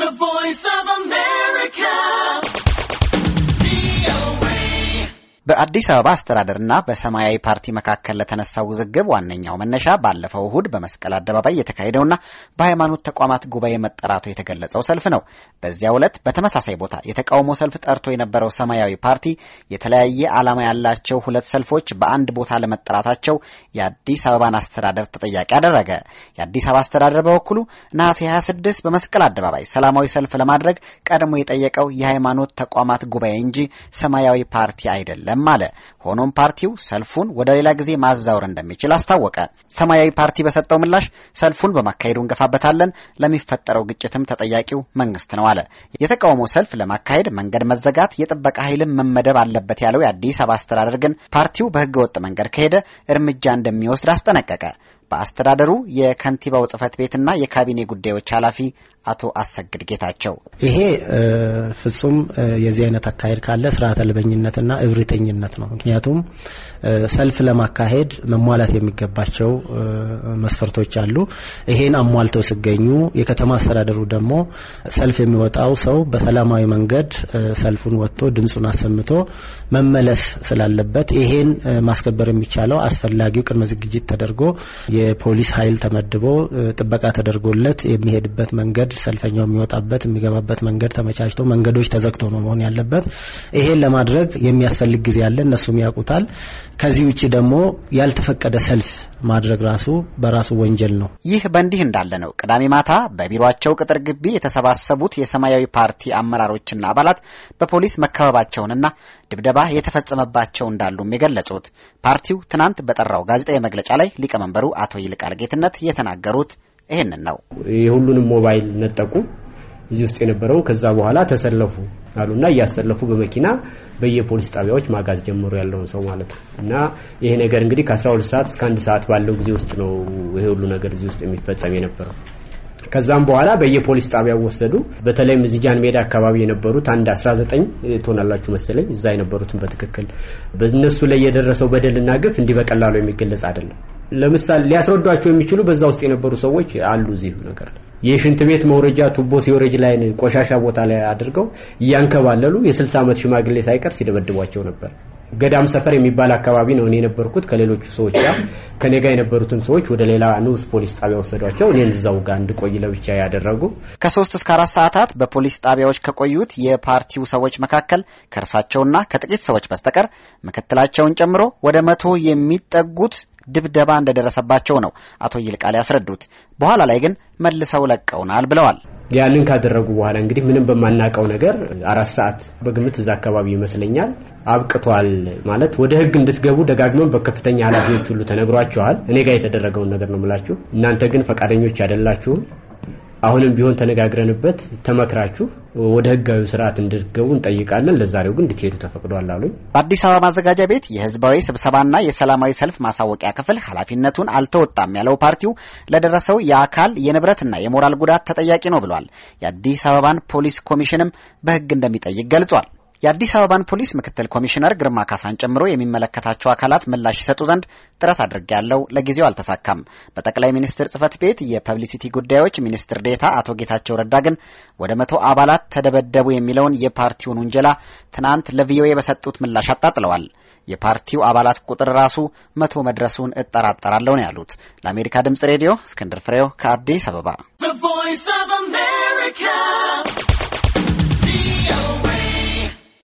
The Voice በአዲስ አበባ አስተዳደርና በሰማያዊ ፓርቲ መካከል ለተነሳው ውዝግብ ዋነኛው መነሻ ባለፈው እሁድ በመስቀል አደባባይ የተካሄደውና በሃይማኖት ተቋማት ጉባኤ መጠራቱ የተገለጸው ሰልፍ ነው። በዚያ ዕለት በተመሳሳይ ቦታ የተቃውሞ ሰልፍ ጠርቶ የነበረው ሰማያዊ ፓርቲ የተለያየ ዓላማ ያላቸው ሁለት ሰልፎች በአንድ ቦታ ለመጠራታቸው የአዲስ አበባን አስተዳደር ተጠያቂ አደረገ። የአዲስ አበባ አስተዳደር በበኩሉ ነሐሴ 26 በመስቀል አደባባይ ሰላማዊ ሰልፍ ለማድረግ ቀድሞ የጠየቀው የሃይማኖት ተቋማት ጉባኤ እንጂ ሰማያዊ ፓርቲ አይደለም አይደለም አለ። ሆኖም ፓርቲው ሰልፉን ወደ ሌላ ጊዜ ማዛወር እንደሚችል አስታወቀ። ሰማያዊ ፓርቲ በሰጠው ምላሽ ሰልፉን በማካሄዱ እንገፋበታለን፣ ለሚፈጠረው ግጭትም ተጠያቂው መንግስት ነው አለ። የተቃውሞ ሰልፍ ለማካሄድ መንገድ መዘጋት፣ የጥበቃ ኃይልም መመደብ አለበት ያለው የአዲስ አበባ አስተዳደር ግን ፓርቲው በህገወጥ መንገድ ከሄደ እርምጃ እንደሚወስድ አስጠነቀቀ። በአስተዳደሩ የከንቲባው ጽህፈት ቤትና የካቢኔ ጉዳዮች ኃላፊ አቶ አሰግድ ጌታቸው ይሄ ፍጹም የዚህ አይነት አካሄድ ካለ ስርዓተ አልበኝነትና እብሪተኝነት ነው። ምክንያቱም ሰልፍ ለማካሄድ መሟላት የሚገባቸው መስፈርቶች አሉ። ይሄን አሟልተው ሲገኙ የከተማ አስተዳደሩ ደግሞ ሰልፍ የሚወጣው ሰው በሰላማዊ መንገድ ሰልፉን ወጥቶ ድምፁን አሰምቶ መመለስ ስላለበት ይሄን ማስከበር የሚቻለው አስፈላጊው ቅድመ ዝግጅት ተደርጎ የፖሊስ ኃይል ተመድቦ ጥበቃ ተደርጎለት የሚሄድበት መንገድ፣ ሰልፈኛው የሚወጣበት የሚገባበት መንገድ ተመቻችቶ መንገዶች ተዘግቶ ነው መሆን ያለበት። ይሄን ለማድረግ የሚያስፈልግ ጊዜ አለ፣ እነሱም ያውቁታል። ከዚህ ውጭ ደግሞ ያልተፈቀደ ሰልፍ ማድረግ ራሱ በራሱ ወንጀል ነው። ይህ በእንዲህ እንዳለ ነው ቅዳሜ ማታ በቢሮቸው ቅጥር ግቢ የተሰባሰቡት የሰማያዊ ፓርቲ አመራሮችና አባላት በፖሊስ መከበባቸውንና ድብደባ የተፈጸመባቸው እንዳሉም የገለጹት ፓርቲው ትናንት በጠራው ጋዜጣዊ መግለጫ ላይ ሊቀመንበሩ አ አቶ ይልቃል ጌትነት የተናገሩት ይህንን ነው። የሁሉንም ሞባይል ነጠቁ እዚህ ውስጥ የነበረው ከዛ በኋላ ተሰለፉ አሉና እያሰለፉ በመኪና በየፖሊስ ጣቢያዎች ማጋዝ ጀምሮ ያለውን ሰው ማለት ነው። እና ይሄ ነገር እንግዲህ ከ12 ሰዓት እስከ አንድ ሰዓት ባለው ጊዜ ውስጥ ነው ይሄ ሁሉ ነገር እዚህ ውስጥ የሚፈጸም የነበረው። ከዛም በኋላ በየፖሊስ ጣቢያ ወሰዱ። በተለይም ዚጃን ሜዳ አካባቢ የነበሩት አንድ 19 ትሆናላችሁ መሰለኝ እዛ የነበሩትን በትክክል በእነሱ ላይ የደረሰው በደልና ግፍ እንዲህ በቀላሉ የሚገለጽ አይደለም። ለምሳሌ ሊያስረዷቸው የሚችሉ በዛ ውስጥ የነበሩ ሰዎች አሉ። እዚህ ነገር የሽንት ቤት መውረጃ ቱቦ ሲወረጅ ላይ ቆሻሻ ቦታ ላይ አድርገው እያንከባለሉ የ60 ዓመት ሽማግሌ ሳይቀር ሲደበድቧቸው ነበር። ገዳም ሰፈር የሚባል አካባቢ ነው እኔ የነበርኩት። ከሌሎቹ ሰዎች ጋር ከኔ ጋር የነበሩትን ሰዎች ወደ ሌላ ንዑስ ፖሊስ ጣቢያ ወሰዷቸው። እኔን እዛው ጋር እንድቆይ ለብቻ ያደረጉ። ከሶስት እስከ አራት ሰዓታት በፖሊስ ጣቢያዎች ከቆዩት የፓርቲው ሰዎች መካከል ከእርሳቸውና ከጥቂት ሰዎች በስተቀር ምክትላቸውን ጨምሮ ወደ መቶ የሚጠጉት ድብደባ እንደደረሰባቸው ነው አቶ ይልቃል ያስረዱት። በኋላ ላይ ግን መልሰው ለቀውናል ብለዋል። ያንን ካደረጉ በኋላ እንግዲህ ምንም በማናውቀው ነገር አራት ሰዓት በግምት እዛ አካባቢ ይመስለኛል አብቅቷል ማለት ወደ ህግ እንድትገቡ ደጋግመን በከፍተኛ ኃላፊዎች ሁሉ ተነግሯቸዋል። እኔ ጋር የተደረገውን ነገር ነው የምላችሁ። እናንተ ግን ፈቃደኞች አይደላችሁም አሁንም ቢሆን ተነጋግረንበት ተመክራችሁ ወደ ህጋዊ ስርዓት እንድትገቡ እንጠይቃለን። ለዛሬው ግን እንድትሄዱ ተፈቅዷል አሉኝ። በአዲስ አበባ ማዘጋጃ ቤት የህዝባዊ ስብሰባና የሰላማዊ ሰልፍ ማሳወቂያ ክፍል ኃላፊነቱን አልተወጣም ያለው ፓርቲው ለደረሰው የአካል የንብረትና የሞራል ጉዳት ተጠያቂ ነው ብሏል። የአዲስ አበባን ፖሊስ ኮሚሽንም በህግ እንደሚጠይቅ ገልጿል። የአዲስ አበባን ፖሊስ ምክትል ኮሚሽነር ግርማ ካሳን ጨምሮ የሚመለከታቸው አካላት ምላሽ ይሰጡ ዘንድ ጥረት አድርጌ ያለው ለጊዜው አልተሳካም። በጠቅላይ ሚኒስትር ጽህፈት ቤት የፐብሊሲቲ ጉዳዮች ሚኒስትር ዴታ አቶ ጌታቸው ረዳ ግን ወደ መቶ አባላት ተደበደቡ የሚለውን የፓርቲውን ውንጀላ ትናንት ለቪኦኤ በሰጡት ምላሽ አጣጥለዋል። የፓርቲው አባላት ቁጥር ራሱ መቶ መድረሱን እጠራጠራለሁ ነው ያሉት። ለአሜሪካ ድምጽ ሬዲዮ እስክንድር ፍሬው ከአዲስ አበባ